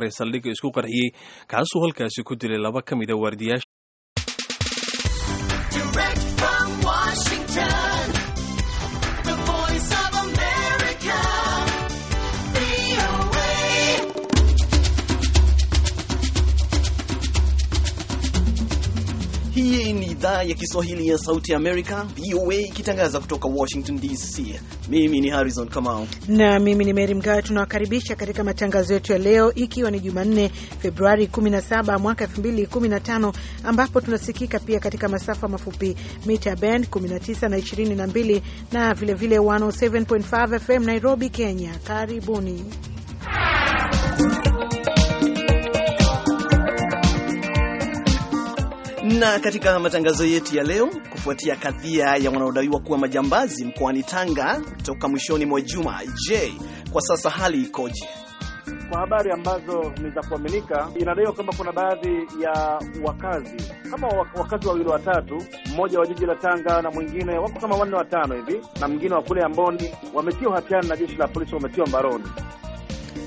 hore saldhigga isku qarxiyey kaasuu halkaasi ku dilay laba ka mida ah waardiyaasha idhaa ya Kiswahili ya Sauti Amerika, VOA, ikitangaza kutoka Washington DC. Mimi ni Harrison Kamau na mimi ni Mary Mgawe. Tunawakaribisha katika matangazo yetu ya leo, ikiwa ni Jumanne Februari 17 mwaka 2015, ambapo tunasikika pia katika masafa mafupi mita band 19 na 22 na vilevile 107.5 FM Nairobi, Kenya. Karibuni Na katika matangazo yetu ya leo, kufuatia kadhia ya wanaodaiwa kuwa majambazi mkoani Tanga toka mwishoni mwa juma, je, kwa sasa hali ikoje? Kwa habari ambazo ni za kuaminika, inadaiwa kwamba kuna baadhi ya wakazi kama wakazi wawili watatu, mmoja wa jiji la Tanga na mwingine wako kama wanne watano hivi, na mwingine wa kule Amboni wametiwa hatiani na jeshi la polisi, wametiwa mbaroni.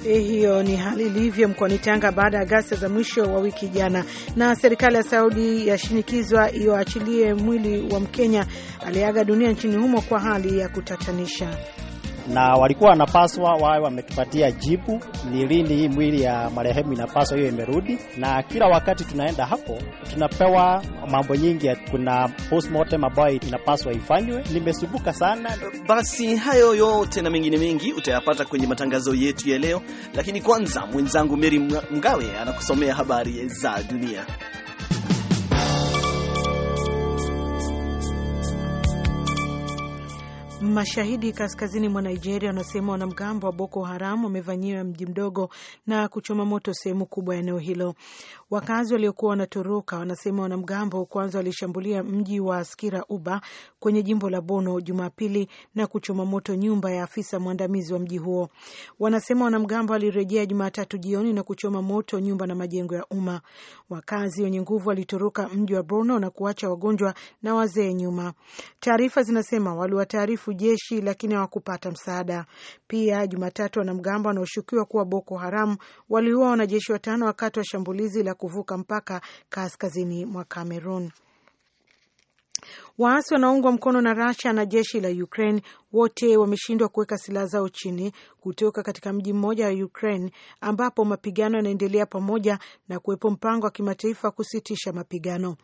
Hiyo ni hali ilivyo mkoani Tanga baada ya ghasia za mwisho wa wiki jana. Na serikali ya Saudi yashinikizwa iwaachilie mwili wa Mkenya aliyeaga dunia nchini humo kwa hali ya kutatanisha na walikuwa wanapaswa wawe wametupatia jibu ni lini hii mwili ya marehemu inapaswa hiyo imerudi. Na kila wakati tunaenda hapo tunapewa mambo nyingi, kuna postmortem ambayo inapaswa ifanywe. Nimesumbuka sana. Basi hayo yote na mengine mengi utayapata kwenye matangazo yetu ya leo, lakini kwanza mwenzangu Meri Mgawe anakusomea habari za dunia. Mashahidi kaskazini mwa Nigeria wanasema wanamgambo wa Boko Haram wamevanyiwa mji mdogo na kuchoma moto sehemu kubwa ya eneo hilo. Wakazi waliokuwa wanatoroka wanasema wanamgambo kwanza walishambulia mji wa Askira Uba kwenye jimbo la Bono Jumapili na kuchoma moto nyumba ya afisa mwandamizi wa mji huo. Wanasema wanamgambo walirejea Jumatatu jioni na kuchoma moto nyumba na majengo ya umma. Wakazi wenye nguvu walitoroka mji wa Bono na kuacha wagonjwa na wazee nyuma. Taarifa zinasema waliwataarifu jeshi lakini hawakupata msaada. Pia Jumatatu wanamgambo wanaoshukiwa kuwa Boko Haram waliua wanajeshi watano wakati wa shambulizi la kuvuka mpaka kaskazini mwa Cameroon. Waasi wanaungwa mkono na rusia na jeshi la Ukraine wote wameshindwa kuweka silaha zao chini kutoka katika mji mmoja wa Ukraine ambapo mapigano yanaendelea pamoja na kuwepo mpango wa kimataifa wa kusitisha mapigano.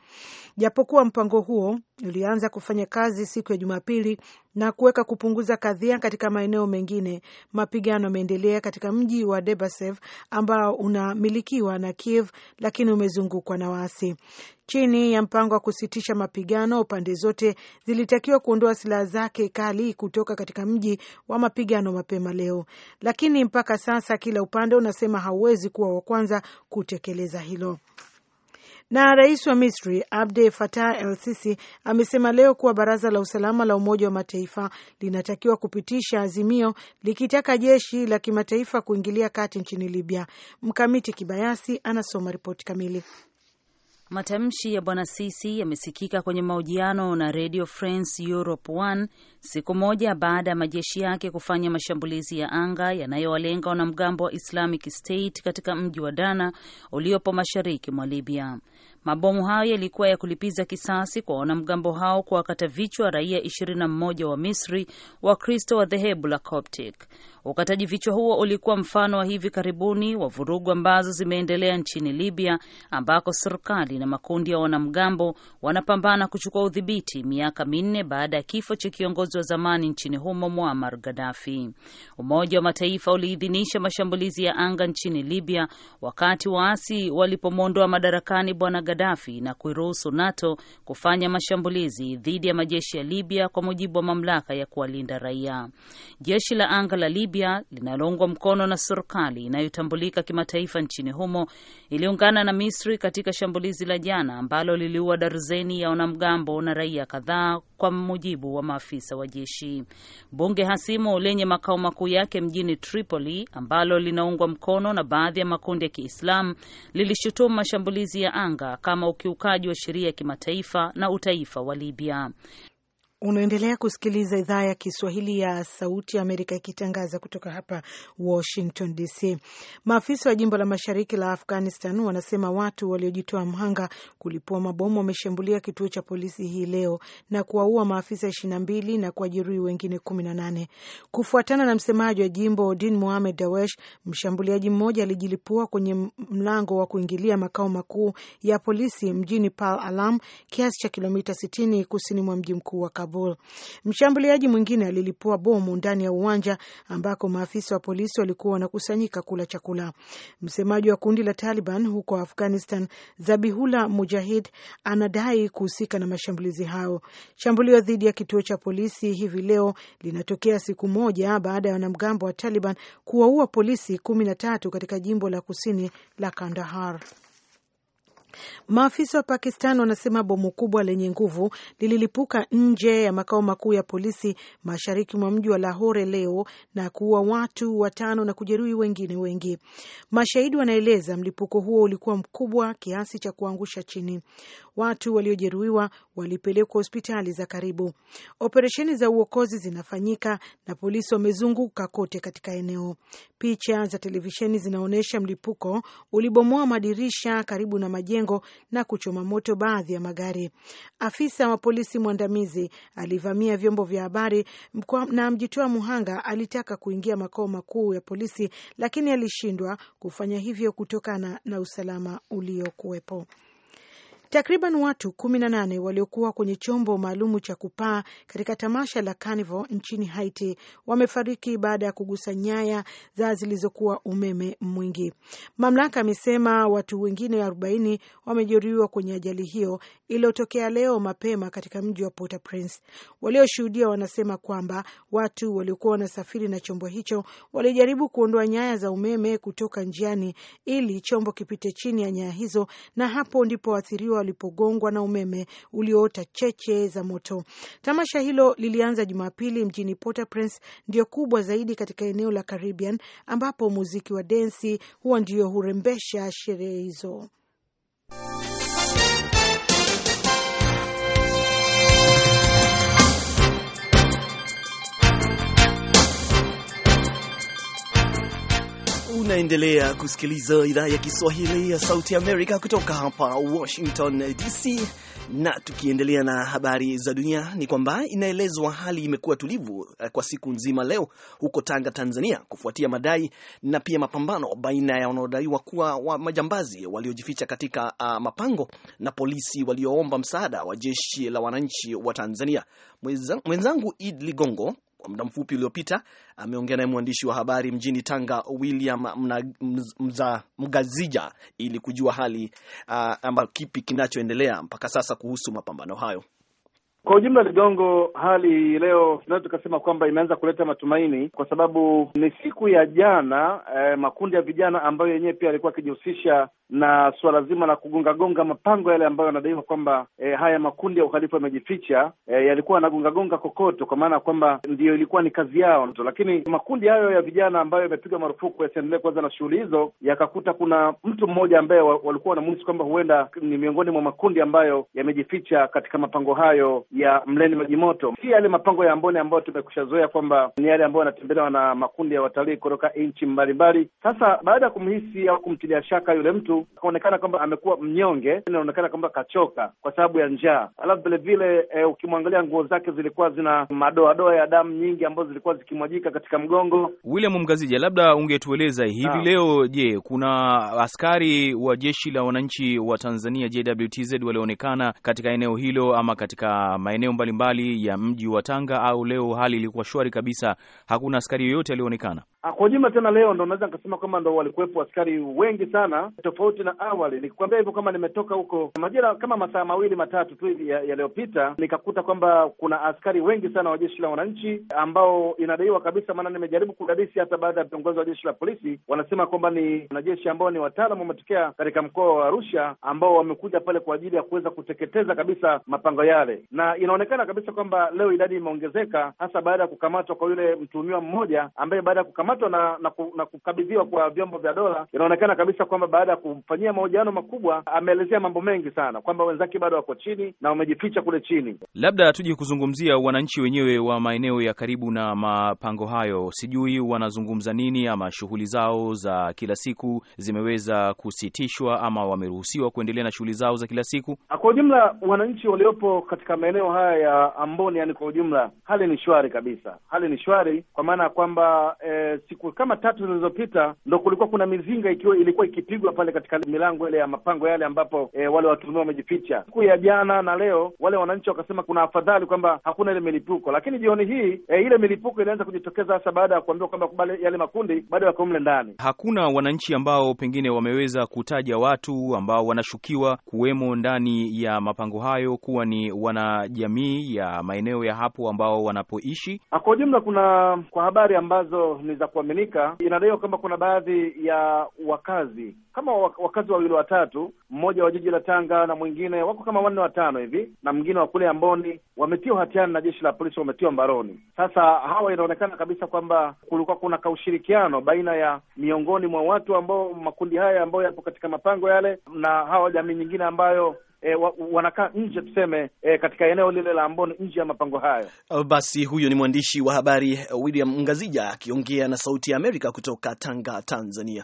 Japokuwa mpango huo ulianza kufanya kazi siku ya Jumapili na kuweka kupunguza kadhia katika maeneo mengine, mapigano yameendelea katika mji wa Debasev ambao unamilikiwa na Kiev lakini umezungukwa na waasi. Chini ya mpango wa kusitisha mapigano, pande zote zilitakiwa kuondoa silaha zake kali kutoka kutoka katika mji wa mapigano mapema leo, lakini mpaka sasa kila upande unasema hauwezi kuwa wa kwanza kutekeleza hilo na rais wa Misri Abdel Fattah El Sisi amesema leo kuwa baraza la usalama la Umoja wa Mataifa linatakiwa kupitisha azimio likitaka jeshi la kimataifa kuingilia kati nchini Libya. Mkamiti Kibayasi anasoma ripoti kamili. Matamshi ya bwana Sisi yamesikika kwenye mahojiano na Radio France Europe 1 siku moja baada ya majeshi yake kufanya mashambulizi ya anga yanayowalenga wanamgambo wa Islamic State katika mji wa Dana uliopo mashariki mwa Libya. Mabomu hayo yalikuwa ya kulipiza kisasi kwa wanamgambo hao kuwakata vichwa raia mmoja wa Misri Wakristo wa dhehebu la Coptic. Ukataji vichwa huo ulikuwa mfano wa hivi karibuni wa vurugu ambazo zimeendelea nchini Libya, ambako serikali na makundi ya wanamgambo wanapambana kuchukua udhibiti miaka minne baada ya kifo cha kiongozi wa zamani nchini humo Muammar Gaddafi. Umoja wa Mataifa uliidhinisha mashambulizi ya anga nchini Libya wakati waasi walipomwondoa madarakani bwana Gaddafi na kuiruhusu NATO kufanya mashambulizi dhidi ya majeshi ya Libya kwa mujibu wa mamlaka ya kuwalinda raia. Jeshi la anga la Libya linaloungwa mkono na serikali inayotambulika kimataifa nchini humo iliungana na Misri katika shambulizi la jana ambalo liliua darzeni ya wanamgambo na raia kadhaa kwa mujibu wa maafisa wa jeshi. Bunge hasimu lenye makao makuu yake mjini Tripoli ambalo linaungwa mkono na baadhi ya makundi ya Kiislamu lilishutumu mashambulizi ya anga kama ukiukaji wa sheria ya kimataifa na utaifa wa Libya. Unaendelea kusikiliza idhaa ya Kiswahili ya Sauti ya Amerika ikitangaza kutoka hapa Washington DC. Maafisa wa jimbo la mashariki la Afghanistan wanasema watu waliojitoa mhanga kulipua mabomu wameshambulia kituo cha polisi hii leo na kuwaua maafisa ishirini na mbili na kuwajeruhi wengine kumi na nane. Kufuatana na msemaji wa jimbo Din Mohamed Dawesh, mshambuliaji mmoja alijilipua kwenye mlango wa kuingilia makao makuu ya polisi mjini Pal Alam, kiasi cha kilomita 60 kusini mwa mji mkuu wa Kabul. Mshambuliaji mwingine alilipua bomu ndani ya uwanja ambako maafisa wa polisi walikuwa wanakusanyika kula chakula. Msemaji wa kundi la Taliban huko Afghanistan, Zabihullah Mujahid, anadai kuhusika na mashambulizi hayo. Shambulio dhidi ya kituo cha polisi hivi leo linatokea siku moja baada ya wanamgambo wa Taliban kuwaua polisi kumi na tatu katika jimbo la kusini la Kandahar. Maafisa wa Pakistan wanasema bomu kubwa lenye nguvu lililipuka nje ya makao makuu ya polisi mashariki mwa mji wa Lahore leo na kuua watu watano na kujeruhi wengine wengi. Mashahidi wanaeleza mlipuko huo ulikuwa mkubwa kiasi cha kuangusha chini. Watu waliojeruhiwa walipelekwa hospitali za karibu. Operesheni za uokozi zinafanyika na polisi wamezunguka kote katika eneo. Picha za televisheni zinaonyesha mlipuko ulibomoa madirisha karibu na majengo na kuchoma moto baadhi ya magari. Afisa wa polisi mwandamizi alivamia vyombo vya habari na mjitoa muhanga alitaka kuingia makao makuu ya polisi, lakini alishindwa kufanya hivyo kutokana na usalama uliokuwepo. Takriban watu 18 waliokuwa kwenye chombo maalum cha kupaa katika tamasha la Carnival nchini Haiti wamefariki baada ya kugusa nyaya za zilizokuwa umeme mwingi. Mamlaka amesema watu wengine 40 wamejeruhiwa kwenye ajali hiyo iliyotokea leo mapema katika mji wa Port-au-Prince. Walioshuhudia wanasema kwamba watu waliokuwa wanasafiri na chombo hicho walijaribu kuondoa nyaya za umeme kutoka njiani ili chombo kipite chini ya nyaya hizo, na hapo ndipo waathiriwa walipogongwa na umeme ulioota cheche za moto. Tamasha hilo lilianza Jumapili mjini Port-au-Prince, ndio kubwa zaidi katika eneo la Caribbean, ambapo muziki wa densi huwa ndio hurembesha sherehe hizo. Unaendelea kusikiliza idhaa ya Kiswahili ya Sauti Amerika kutoka hapa Washington DC, na tukiendelea na habari za dunia ni kwamba inaelezwa hali imekuwa tulivu eh, kwa siku nzima leo huko Tanga, Tanzania, kufuatia madai na pia mapambano baina ya wanaodaiwa kuwa wa majambazi waliojificha katika uh, mapango na polisi walioomba msaada wa jeshi la wananchi wa Tanzania. Mwenzangu Id Ligongo muda mfupi uliopita ameongea naye mwandishi wa habari mjini Tanga William mna, mza, Mgazija ili kujua hali uh, ama kipi kinachoendelea mpaka sasa kuhusu mapambano hayo. Kwa ujumla ligongo, hali leo tunaweza tukasema kwamba imeanza kuleta matumaini, kwa sababu ni siku ya jana eh, makundi ya vijana ambayo yenyewe pia yalikuwa akijihusisha na suala zima la kugongagonga mapango yale ambayo yanadaiwa kwamba e, haya makundi ya uhalifu yamejificha, e, yalikuwa yanagongagonga kokoto, kwa maana ya kwamba ndiyo ilikuwa ni kazi yao. Lakini makundi hayo ya vijana ambayo yamepigwa marufuku yasiendelee kuanza na shughuli hizo, yakakuta kuna mtu mmoja ambaye walikuwa wanamuhisi kwamba huenda ni miongoni mwa makundi ambayo yamejificha katika mapango hayo ya Mleni Majimoto, si yale mapango ya Amboni ambayo tumekushazoea kwamba ni yale ambayo yanatembelewa na makundi ya watalii kutoka nchi mbalimbali. Sasa baada ya kumhisi au kumtilia shaka yule mtu kaonekana kwamba amekuwa mnyonge, inaonekana kwamba kachoka kwa sababu ya njaa. Alafu vilevile e, eh, ukimwangalia nguo zake zilikuwa zina madoadoa ya damu nyingi ambazo zilikuwa zikimwajika katika mgongo. William Mgazija, labda ungetueleza hivi leo je, kuna askari wa jeshi la wananchi wa Tanzania JWTZ walioonekana katika eneo hilo ama katika maeneo mbalimbali ya mji wa Tanga au leo hali ilikuwa shwari kabisa, hakuna askari yoyote alioonekana? Ah, kwa nyuma tena, leo ndo naweza nikasema kwamba ndo walikuwepo askari wengi sana, tofauti na awali. Nikikwambia hivyo, kama nimetoka huko majira kama masaa mawili matatu tu yaliyopita ya nikakuta kwamba kuna askari wengi sana wa jeshi la wananchi ambao inadaiwa kabisa, maana nimejaribu kudadisi hata baada ya viongozi wa jeshi la polisi wanasema kwamba ni wanajeshi ambao ni wataalamu wametokea katika mkoa wa Arusha ambao wamekuja pale kwa ajili ya kuweza kuteketeza kabisa mapango yale, na inaonekana kabisa kwamba leo idadi imeongezeka, hasa baada ya kukamatwa kwa yule mtuhumiwa mmoja ambaye baada ya kukamatwa kukamatwa na, na, ku, na kukabidhiwa kwa vyombo vya dola, inaonekana kabisa kwamba baada ya kumfanyia mahojiano makubwa ameelezea mambo mengi sana, kwamba wenzake bado wako chini na wamejificha kule chini. Labda tuje kuzungumzia wananchi wenyewe wa maeneo ya karibu na mapango hayo, sijui wanazungumza nini, ama shughuli zao za kila siku zimeweza kusitishwa ama wameruhusiwa kuendelea na shughuli zao za kila siku. Kwa ujumla, wananchi waliopo katika maeneo haya ya Amboni, yani kwa ujumla, hali ni shwari kabisa, hali ni shwari kwa maana ya kwamba e, siku kama tatu zilizopita ndo kulikuwa kuna mizinga ikiwa ilikuwa ikipigwa pale katika milango ile ya mapango yale ambapo e, wale watuhumiwa wamejificha. Siku ya jana na leo wale wananchi wakasema kuna afadhali kwamba hakuna ile milipuko, lakini jioni hii e, ile milipuko ilianza kujitokeza hasa baada ya kuambiwa kwamba yale makundi bado yako mle ndani. Hakuna wananchi ambao pengine wameweza kutaja watu ambao wanashukiwa kuwemo ndani ya mapango hayo kuwa ni wanajamii ya maeneo ya hapo ambao wanapoishi. Ah, kwa ujumla, kuna kwa habari ambazo ni za za kuaminika, inadaiwa kwamba kuna baadhi ya wakazi kama wakazi wawili watatu, mmoja wa jiji la Tanga na mwingine wako kama wanne watano hivi, na mwingine wa kule Amboni, wametiwa hatiani na jeshi la polisi, wametiwa mbaroni. Sasa hawa inaonekana kabisa kwamba kulikuwa kuna kaushirikiano baina ya miongoni mwa watu ambao makundi haya ambayo yapo katika mapango yale na hawa jamii nyingine ambayo e, wa, wanakaa nje tuseme, e, katika eneo lile la Amboni nje ya mapango hayo. Oh, basi huyo ni mwandishi wa habari eh, William Ngazija akiongea na Sauti ya Amerika kutoka Tanga, Tanzania.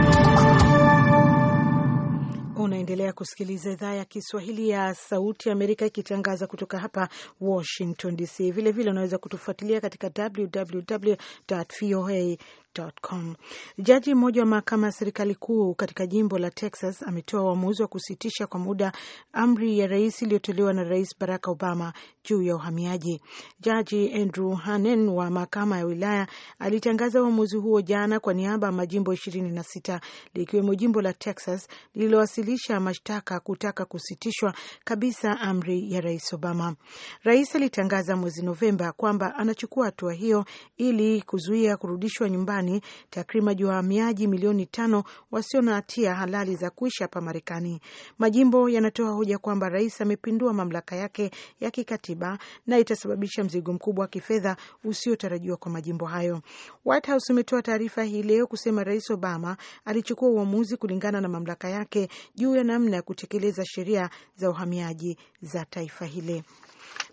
Unaendelea kusikiliza idhaa ya Kiswahili ya Sauti ya Amerika ikitangaza kutoka hapa Washington DC. Vilevile unaweza kutufuatilia katika www voa Com. Jaji mmoja wa mahakama ya serikali kuu katika jimbo la Texas ametoa uamuzi wa kusitisha kwa muda amri ya rais iliyotolewa na Rais Barack Obama juu ya uhamiaji. Jaji Andrew Hanen wa mahakama ya wilaya alitangaza uamuzi huo jana kwa niaba ya majimbo ishirini na sita likiwemo jimbo la Texas lililowasilisha mashtaka kutaka kusitishwa kabisa amri ya Rais Obama. Rais alitangaza mwezi Novemba kwamba anachukua hatua hiyo ili kuzuia kurudishwa nyumbani Marekani takriban wahamiaji milioni tano wasio na hatia halali za kuishi hapa Marekani. Majimbo yanatoa hoja kwamba rais amepindua mamlaka yake ya kikatiba na itasababisha mzigo mkubwa wa kifedha usiotarajiwa kwa majimbo hayo. White House imetoa taarifa hii leo kusema Rais Obama alichukua uamuzi kulingana na mamlaka yake juu ya namna ya kutekeleza sheria za uhamiaji za taifa hile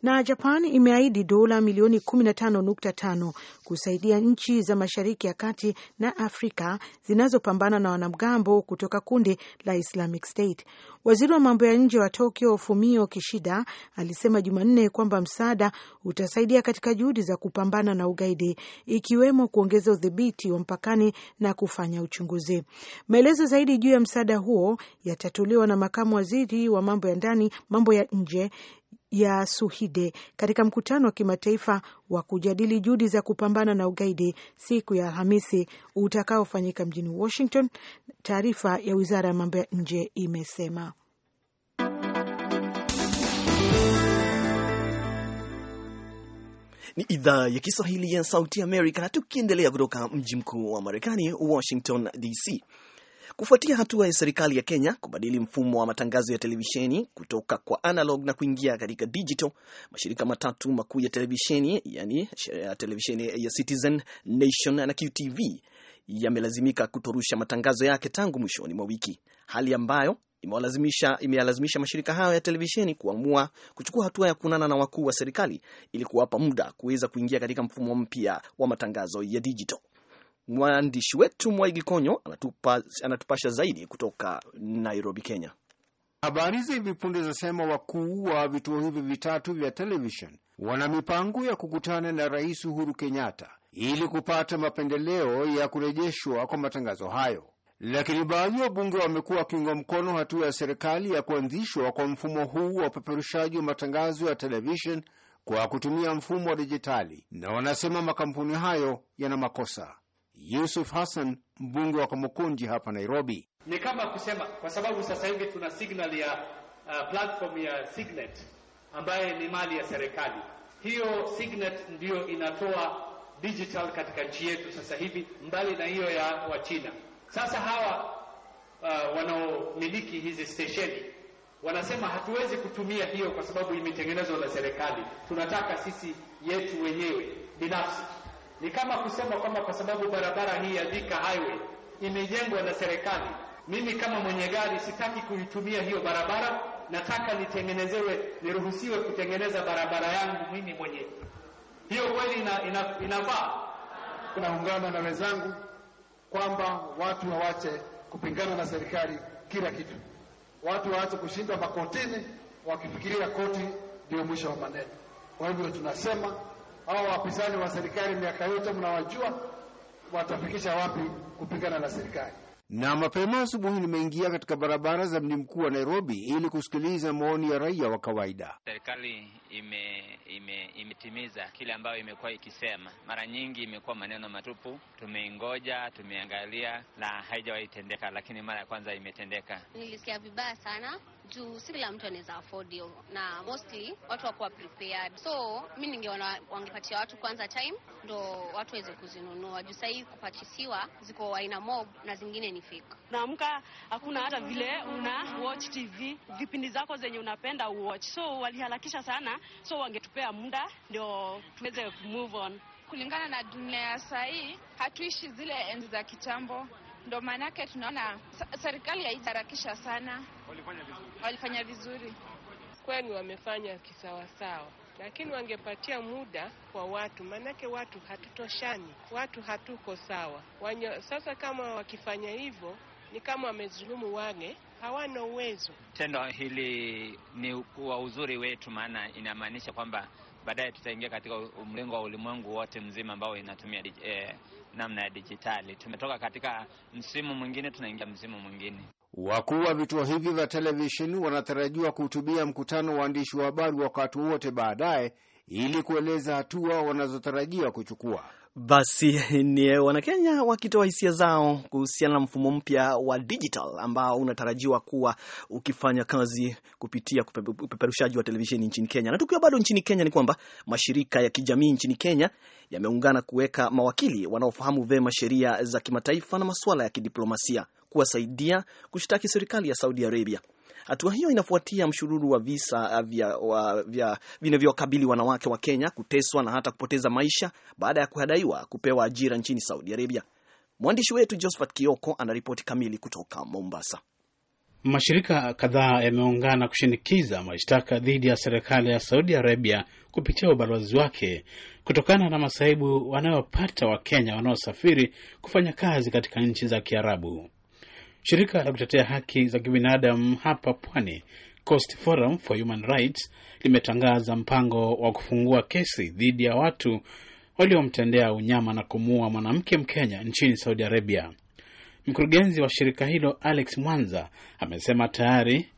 na Japan imeahidi dola milioni 15.5 kusaidia nchi za Mashariki ya Kati na Afrika zinazopambana na wanamgambo kutoka kundi la Islamic State. Waziri wa mambo ya nje wa Tokyo, Fumio Kishida, alisema Jumanne kwamba msaada utasaidia katika juhudi za kupambana na ugaidi, ikiwemo kuongeza udhibiti wa mpakani na kufanya uchunguzi. Maelezo zaidi juu ya msaada huo yatatolewa na makamu waziri wa mambo ya ndani, mambo ya nje ya Suhide katika mkutano wa kimataifa wa kujadili juhudi za kupambana na ugaidi siku ya Alhamisi utakaofanyika mjini Washington, taarifa ya wizara ya mambo ya nje imesema. Ni idhaa ya Kiswahili ya Sauti Amerika, tukiendelea kutoka mji mkuu wa Marekani, Washington DC kufuatia hatua ya serikali ya Kenya kubadili mfumo wa matangazo ya televisheni kutoka kwa analog na kuingia katika digital. Mashirika matatu makuu ya televisheni yani televisheni ya Citizen, Nation na QTV yamelazimika kutorusha matangazo yake tangu mwishoni mwa wiki, hali ambayo imeyalazimisha mashirika hayo ya televisheni kuamua kuchukua hatua ya kuonana na wakuu wa serikali ili kuwapa muda kuweza kuingia katika mfumo mpya wa matangazo ya digital. Mwandishi wetu Mwaigi Konyo anatupa, anatupasha zaidi kutoka Nairobi, Kenya. Habari za hivi punde zinasema wakuu wa vituo hivi vitatu vya televishen wana mipango ya kukutana na Rais Uhuru Kenyatta ili kupata mapendeleo ya kurejeshwa kwa matangazo hayo, lakini baadhi ya wabunge wamekuwa wakiunga mkono hatua ya serikali ya kuanzishwa kwa mfumo huu wa upeperushaji wa matangazo ya televishen kwa kutumia mfumo wa dijitali, na wanasema makampuni hayo yana makosa. Yusuf Hassan, mbunge wa Kamukunji hapa Nairobi: ni kama kusema kwa sababu sasa hivi tuna signal ya uh, platform ya Signet ambaye ni mali ya serikali. Hiyo Signet ndiyo inatoa digital katika nchi yetu sasa hivi, mbali na hiyo ya Wachina. Sasa hawa uh, wanaomiliki hizi stesheni wanasema hatuwezi kutumia hiyo kwa sababu imetengenezwa na serikali, tunataka sisi yetu wenyewe binafsi. Ni kama kusema kwamba kwa sababu barabara hii ya Thika highway imejengwa na serikali, mimi kama mwenye gari sitaki kuitumia hiyo barabara, nataka nitengenezewe, niruhusiwe kutengeneza barabara yangu mimi mwenyewe. Hiyo kweli ina, Ina, inafaa? tunaungana na wenzangu kwamba watu wawache kupingana na serikali kila kitu, watu waache kushinda makotini wakifikiria koti ndio mwisho wa maneno. Kwa hivyo tunasema hao wapinzani wa serikali miaka yote mnawajua watafikisha wapi kupigana na serikali. Na mapema asubuhi nimeingia katika barabara za mji mkuu wa Nairobi ili kusikiliza maoni ya raia wa kawaida. Serikali ime, ime, imetimiza kile ambayo imekuwa ikisema. Mara nyingi imekuwa maneno matupu, tumeingoja, tumeangalia na haijawahi tendeka, lakini mara ya kwanza imetendeka. Nilisikia vibaya sana juu si kila mtu anaweza afford hiyo, na mostly watu wakuwa prepared. So mi ningeona wangepatia watu kwanza time ndo watu waweze kuzinunua, juu sahii kupachisiwa ziko aina mob na zingine ni fake. naamka hakuna hata vile una watch TV vipindi zako zenye unapenda watch so waliharakisha sana, so wangetupea muda ndio tuweze move on. Kulingana na dunia ya sahii, hatuishi zile enzi za kitambo, ndo maanake tunaona serikali haijaharakisha sana walifanya vizuri, walifanya vizuri kwani wamefanya kisawasawa, lakini wangepatia muda kwa watu, maanake watu hatutoshani, watu hatuko sawa Wanyo. Sasa kama wakifanya hivyo ni kama wamezulumu wale hawana uwezo. Tendo hili ni wa uzuri wetu, maana inamaanisha kwamba baadaye tutaingia katika mlengo wa ulimwengu wote mzima ambao inatumia eh, namna ya dijitali. Tumetoka katika msimu mwingine, tunaingia msimu mwingine. Wakuu wa vituo hivi vya televisheni wanatarajiwa kuhutubia mkutano wa waandishi wa habari wakati wowote baadaye ili kueleza hatua wanazotarajia kuchukua. Basi ni eh, Wanakenya wakitoa hisia zao kuhusiana na mfumo mpya wa digital ambao unatarajiwa kuwa ukifanya kazi kupitia upeperushaji wa televisheni nchini Kenya. Na tukiwa bado nchini Kenya, ni kwamba mashirika ya kijamii nchini Kenya yameungana kuweka mawakili wanaofahamu vema sheria za kimataifa na masuala ya kidiplomasia kuwasaidia kushtaki serikali ya Saudi Arabia. Hatua hiyo inafuatia mshururu wa visa uh, vinavyowakabili wanawake wa Kenya kuteswa na hata kupoteza maisha baada ya kuhadaiwa kupewa ajira nchini Saudi Arabia. Mwandishi wetu Josephat Kioko anaripoti kamili kutoka Mombasa. Mashirika kadhaa yameungana kushinikiza mashtaka dhidi ya serikali ya Saudi Arabia kupitia ubalozi wake kutokana na masaibu wanayopata Wakenya wanaosafiri kufanya kazi katika nchi za Kiarabu. Shirika la kutetea haki za kibinadamu hapa pwani Coast Forum for Human Rights limetangaza mpango wa kufungua kesi dhidi ya watu waliomtendea unyama na kumuua mwanamke Mkenya nchini Saudi Arabia. Mkurugenzi wa shirika hilo Alex Mwanza amesema tayari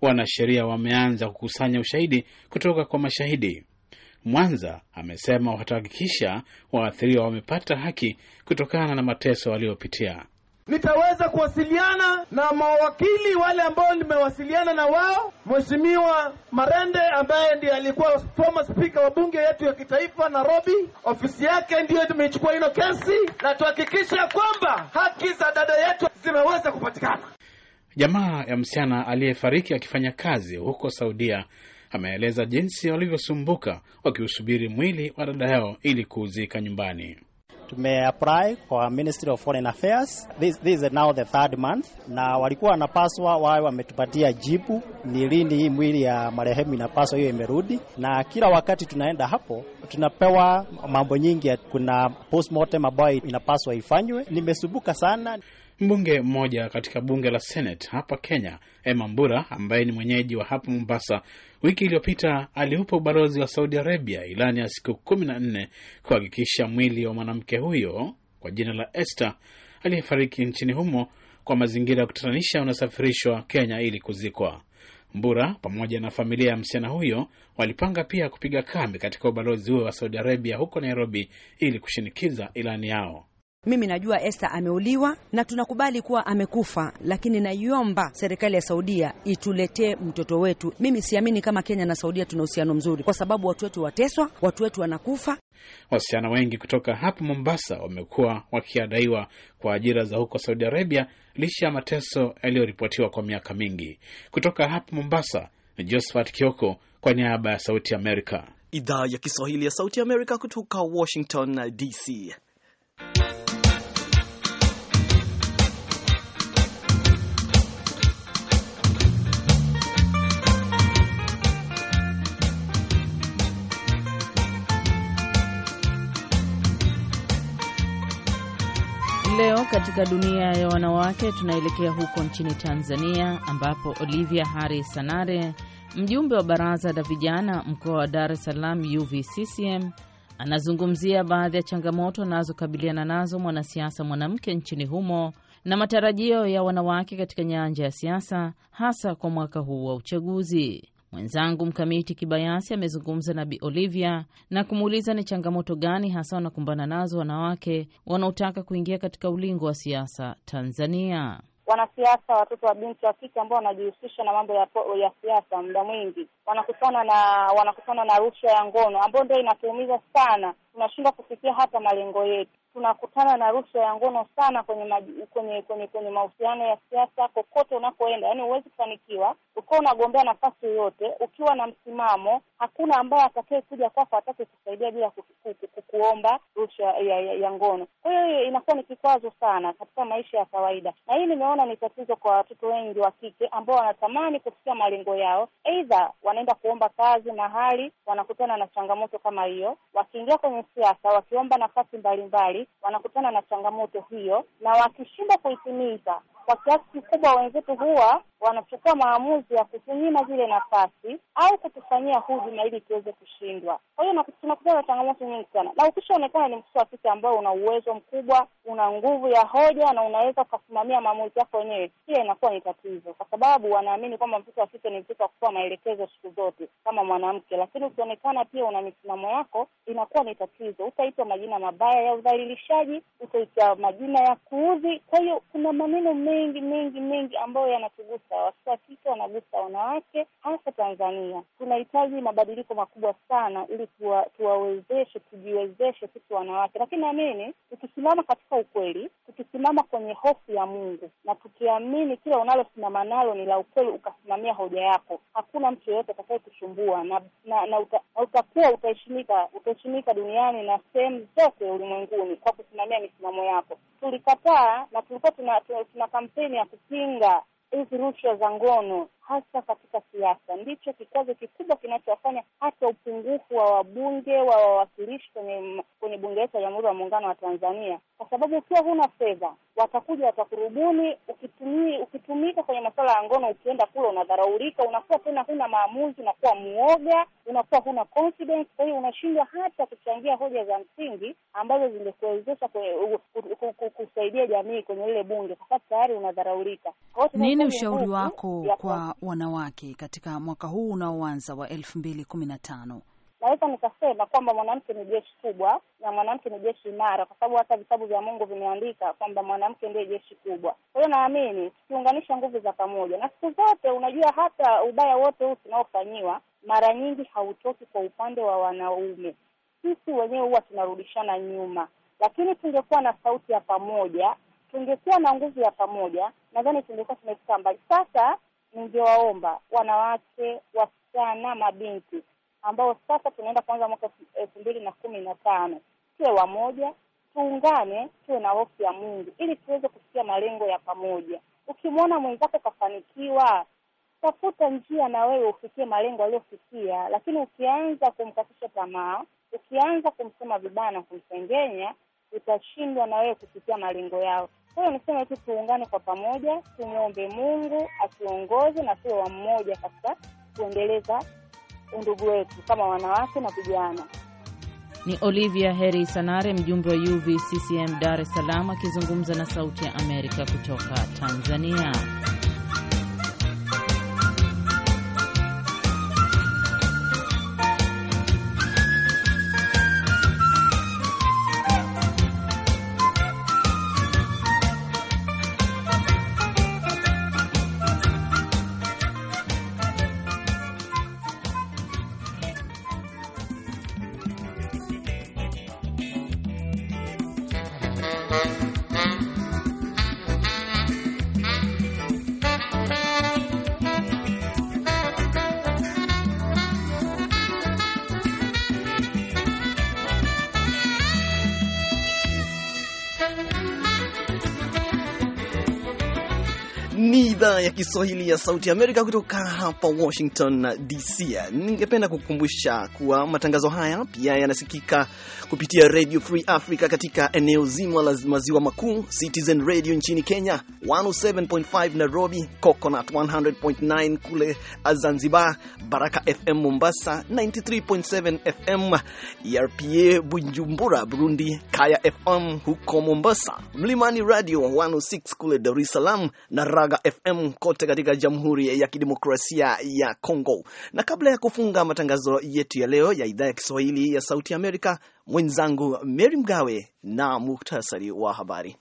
wanasheria wameanza kukusanya ushahidi kutoka kwa mashahidi. Mwanza amesema watahakikisha waathiriwa wamepata haki kutokana na mateso waliopitia nitaweza kuwasiliana na mawakili wale ambao nimewasiliana na wao, Mheshimiwa Marende ambaye ndiye alikuwa former speaker wa bunge yetu ya kitaifa Nairobi, ofisi yake ndiyo tumeichukua hino kesi, na tuhakikisha kwamba haki za dada yetu zimeweza kupatikana. Jamaa ya msichana aliyefariki akifanya kazi huko Saudia ameeleza jinsi walivyosumbuka wakiusubiri mwili wa dada yao ili kuuzika nyumbani tumeapply kwa Ministry of Foreign Affairs. This, this is now the third month, na walikuwa wanapaswa wawe wametupatia jibu ni lini hii mwili ya marehemu inapaswa hiyo imerudi, na kila wakati tunaenda hapo tunapewa mambo nyingi. Kuna postmortem ambayo inapaswa ifanywe. nimesubuka sana. Mbunge mmoja katika bunge la Senate hapa Kenya, Emma Mbura, ambaye ni mwenyeji wa hapa Mombasa Wiki iliyopita aliupa ubalozi wa Saudi Arabia ilani ya siku kumi na nne kuhakikisha mwili wa mwanamke huyo kwa jina la Esther aliyefariki nchini humo kwa mazingira ya kutatanisha unasafirishwa Kenya ili kuzikwa. Mbura pamoja na familia ya msichana huyo walipanga pia kupiga kambi katika ubalozi huo wa Saudi Arabia huko Nairobi ili kushinikiza ilani yao. Mimi najua Esther ameuliwa na tunakubali kuwa amekufa, lakini naiomba serikali ya Saudia ituletee mtoto wetu. Mimi siamini kama Kenya na Saudia tuna uhusiano mzuri, kwa sababu watu wetu wateswa, watu wetu wanakufa. Wasichana wengi kutoka hapa Mombasa wamekuwa wakiadaiwa kwa ajira za huko Saudi Arabia licha ya mateso yaliyoripotiwa kwa miaka mingi. Kutoka hapa Mombasa ni Josephat Kioko kwa niaba ya Sauti Amerika, idhaa ya Kiswahili ya Sauti Amerika kutoka Washington DC. leo katika dunia ya wanawake, tunaelekea huko nchini Tanzania ambapo Olivia Hari Sanare, mjumbe wa baraza la vijana mkoa wa Dar es Salaam UVCCM, anazungumzia baadhi ya changamoto anazokabiliana nazo mwanasiasa mwanamke nchini humo na matarajio ya wanawake katika nyanja ya siasa hasa kwa mwaka huu wa uchaguzi. Mwenzangu Mkamiti Kibayasi amezungumza na Bi Olivia na kumuuliza ni changamoto gani hasa wanakumbana nazo wanawake wanaotaka kuingia katika ulingo wa siasa Tanzania. Wanasiasa, watoto wa binti wa kike ambao wanajihusisha na mambo ya, ya siasa, muda mwingi wanakutana na wanakutana na rushwa ya ngono ambayo ndio inatuumiza sana, tunashindwa kufikia hata malengo yetu tunakutana na rushwa ya ngono sana kwenye maji, kwenye kwenye kwenye mahusiano ya siasa kokote unakoenda, yani huwezi kufanikiwa ukiwa unagombea nafasi yoyote, ukiwa na msimamo. Hakuna ambaye atakaye kuja kwako atake kusaidia bila kukuomba rushwa ya, ya, ya ngono. Kwa hiyo inakuwa ni kikwazo sana katika maisha ya kawaida, na hii nimeona ni tatizo kwa watoto wengi wa kike ambao wanatamani kufikia malengo yao, aidha wanaenda kuomba kazi mahali, wanakutana na changamoto kama hiyo, wakiingia kwenye siasa, wakiomba nafasi mbalimbali wanakutana na changamoto hiyo, na wakishindwa kuitimiza kwa kiasi kikubwa wenzetu huwa wanachukua maamuzi ya kutunyima zile nafasi au kutufanyia hujuma ili tuweze kushindwa. Kwa hiyo tunakutana na changamoto nyingi sana, na ukishaonekana ni mtoto wa kike ambayo una uwezo mkubwa, una nguvu ya hoja na unaweza ukasimamia maamuzi yako wenyewe, pia inakuwa ni tatizo, kwa sababu wanaamini kwamba mtoto wa kike ni mtoto wa kutoa maelekezo siku zote kama mwanamke, lakini ukionekana pia una misimamo yako inakuwa ni tatizo. Utaitwa majina mabaya ya udhalilishaji, utaitwa majina ya kuudhi. Kwa hiyo kuna maneno mengi mengi mengi ambayo yanatugusa watoto wa kike, wanagusa wanawake, hasa Tanzania. Tunahitaji mabadiliko makubwa sana ili tuwawezeshe, tujiwezeshe sisi wanawake, lakini naamini tukisimama katika ukweli, tukisimama kwenye hofu ya Mungu na tukiamini kila unalosimama nalo ni la ukweli, ukasimamia hoja yako, hakuna mtu yeyote atakaye kushumbua na, na, na uta, utakuwa utaheshimika, utaheshimika duniani na sehemu zote ulimwenguni kwa kusimamia misimamo yako tulikataa na tulikuwa tuna, tuna kampeni ya kupinga hizi rushwa za ngono hasa katika siasa. Ndicho kikwazo kikubwa kinachowafanya hata upungufu wa wabunge wa wawakilishi kwenye kwenye bunge letu la Jamhuri ya Muungano wa Tanzania, kwa sababu ukiwa huna fedha watakuja watakurubuni, ukitumii ukitumika kwenye masuala ya ngono, ukienda kule unadharaulika, unakuwa tena huna maamuzi, unakuwa muoga, unakuwa huna confidence. Kwa hiyo unashindwa hata kuchangia hoja za msingi ambazo zingekuwezesha kusaidia jamii kwenye lile bunge, kwa sababu tayari unadharaulika. Nini ushauri wako kwa wanawake katika mwaka huu unaoanza wa elfu mbili kumi na tano? Naweza nikasema kwamba mwanamke ni jeshi kubwa na mwanamke ni jeshi imara, kwa sababu hata vitabu vya Mungu vimeandika kwamba mwanamke ndiye jeshi kubwa. Kwa hiyo naamini tukiunganisha nguvu za pamoja, na siku zote, unajua hata ubaya wote huu tunaofanyiwa mara nyingi hautoki kwa upande wa wanaume, sisi wenyewe huwa tunarudishana nyuma, lakini tungekuwa na sauti ya pamoja, tungekuwa na nguvu ya pamoja, nadhani tungekuwa tumefika mbali. Sasa ningewaomba wanawake, wasichana, mabinti ambao sasa tunaenda kuanza mwaka elfu mbili na kumi na tano. Tuwe wamoja, tuungane, tuwe na hofu ya Mungu ili tuweze kufikia malengo ya pamoja. Ukimwona mwenzako kafanikiwa, tafuta njia na wewe ufikie malengo aliyofikia, lakini ukianza kumkatisha tamaa, ukianza kumsema vibaya na kumsengenya, utashindwa na wewe kufikia malengo yao. Kwa hiyo niseme tu, tuungane kwa pamoja, tumwombe Mungu atuongoze na tuwe wamoja katika kuendeleza undugu wetu kama wanawake na vijana. Ni Olivia Heri Sanare, mjumbe wa UVCCM Dar es Salaam, akizungumza na Sauti ya Amerika kutoka Tanzania. Kiswahili ya Sauti Amerika kutoka hapa Washington DC. Ningependa kukukumbusha kuwa matangazo haya pia yanasikika kupitia Radio Free Africa katika eneo zima la maziwa makuu, Citizen Radio nchini Kenya 107.5 Nairobi, Coconut 100.9 kule Zanzibar, Baraka FM Mombasa 93.7 FM, RPA Bujumbura Burundi, Kaya FM huko Mombasa, Mlimani Radio 106 kule Dar es Salaam na Raga FM kote katika Jamhuri ya Kidemokrasia ya, ya Congo. Na kabla ya kufunga matangazo yetu ya leo ya idhaa ya Kiswahili ya Sauti Amerika, mwenzangu Mary Mgawe na muhtasari wa habari.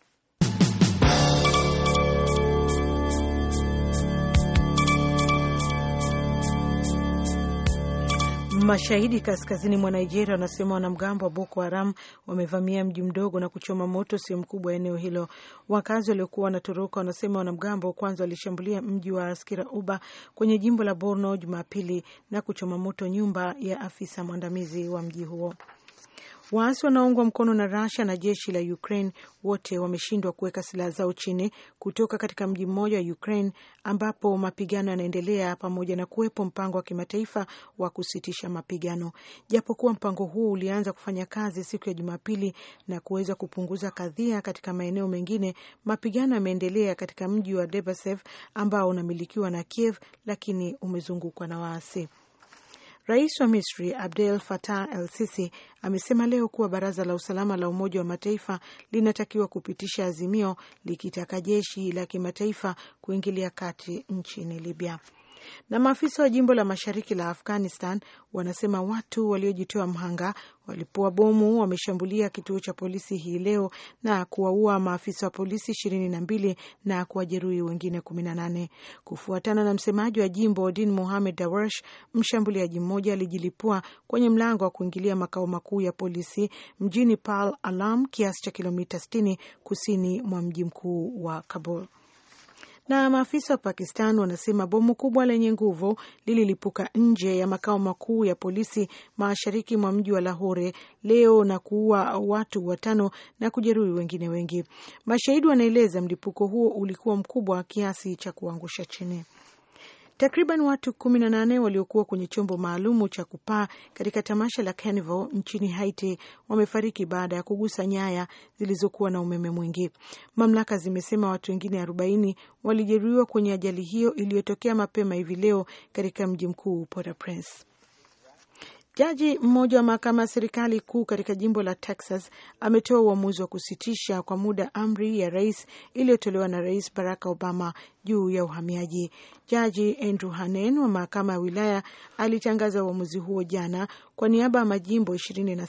Mashahidi kaskazini mwa Nigeria wanasema wanamgambo wa Boko Haram wamevamia mji mdogo na kuchoma moto sehemu kubwa ya eneo hilo. Wakazi waliokuwa wanatoroka wanasema wanamgambo kwanza walishambulia mji wa Askira Uba kwenye jimbo la Borno Jumapili na kuchoma moto nyumba ya afisa mwandamizi wa mji huo. Waasi wanaoungwa mkono na Russia na jeshi la Ukraine wote wameshindwa kuweka silaha zao chini kutoka katika mji mmoja wa Ukraine ambapo mapigano yanaendelea pamoja na kuwepo mpango wa kimataifa wa kusitisha mapigano. Japokuwa mpango huo ulianza kufanya kazi siku ya Jumapili na kuweza kupunguza kadhia katika maeneo mengine, mapigano yameendelea katika mji wa Debasev ambao unamilikiwa na Kiev lakini umezungukwa na waasi. Rais wa Misri Abdel Fattah el Sisi amesema leo kuwa baraza la usalama la Umoja wa Mataifa linatakiwa kupitisha azimio likitaka jeshi la kimataifa kuingilia kati nchini Libya. Na maafisa wa jimbo la mashariki la Afghanistan wanasema watu waliojitoa mhanga walipua bomu wameshambulia kituo cha polisi hii leo na kuwaua maafisa wa polisi ishirini na mbili na kuwajeruhi wengine kumi na nane. Kufuatana na msemaji wa jimbo Din Mohamed dawarsh mshambuliaji mmoja alijilipua kwenye mlango wa kuingilia makao makuu ya polisi mjini Pal Alam, kiasi cha kilomita 60 kusini mwa mji mkuu wa Kabul. Na maafisa wa Pakistan wanasema bomu kubwa lenye nguvu lililipuka nje ya makao makuu ya polisi mashariki mwa mji wa Lahore leo na kuua watu watano na kujeruhi wengine wengi. Mashahidi wanaeleza mlipuko huo ulikuwa mkubwa kiasi cha kuangusha chini. Takriban watu kumi na nane waliokuwa kwenye chombo maalumu cha kupaa katika tamasha la Carnival nchini Haiti wamefariki baada ya kugusa nyaya zilizokuwa na umeme mwingi. Mamlaka zimesema watu wengine arobaini walijeruhiwa kwenye ajali hiyo iliyotokea mapema hivi leo katika mji mkuu Port-au-Prince. Jaji mmoja wa mahakama ya serikali kuu katika jimbo la Texas ametoa uamuzi wa kusitisha kwa muda amri ya rais iliyotolewa na Rais Barack Obama juu ya uhamiaji. Jaji Andrew Hanen wa mahakama ya wilaya alitangaza uamuzi huo jana kwa niaba ya majimbo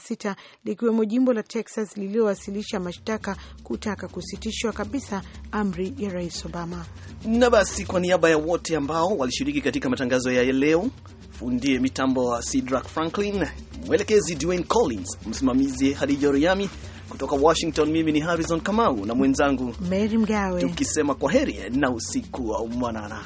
sita likiwemo jimbo la Texas lililowasilisha mashtaka kutaka kusitishwa kabisa amri ya Rais Obama. Na basi kwa niaba ya wote ambao walishiriki katika matangazo ya leo Fundi mitambo wa Cedric Franklin, mwelekezi Dwayne Collins, msimamizi Hadija Riami. Kutoka Washington, mimi ni Harrison Kamau na mwenzangu Mary Mgawe, tukisema kwa heri na usiku wa mwanana.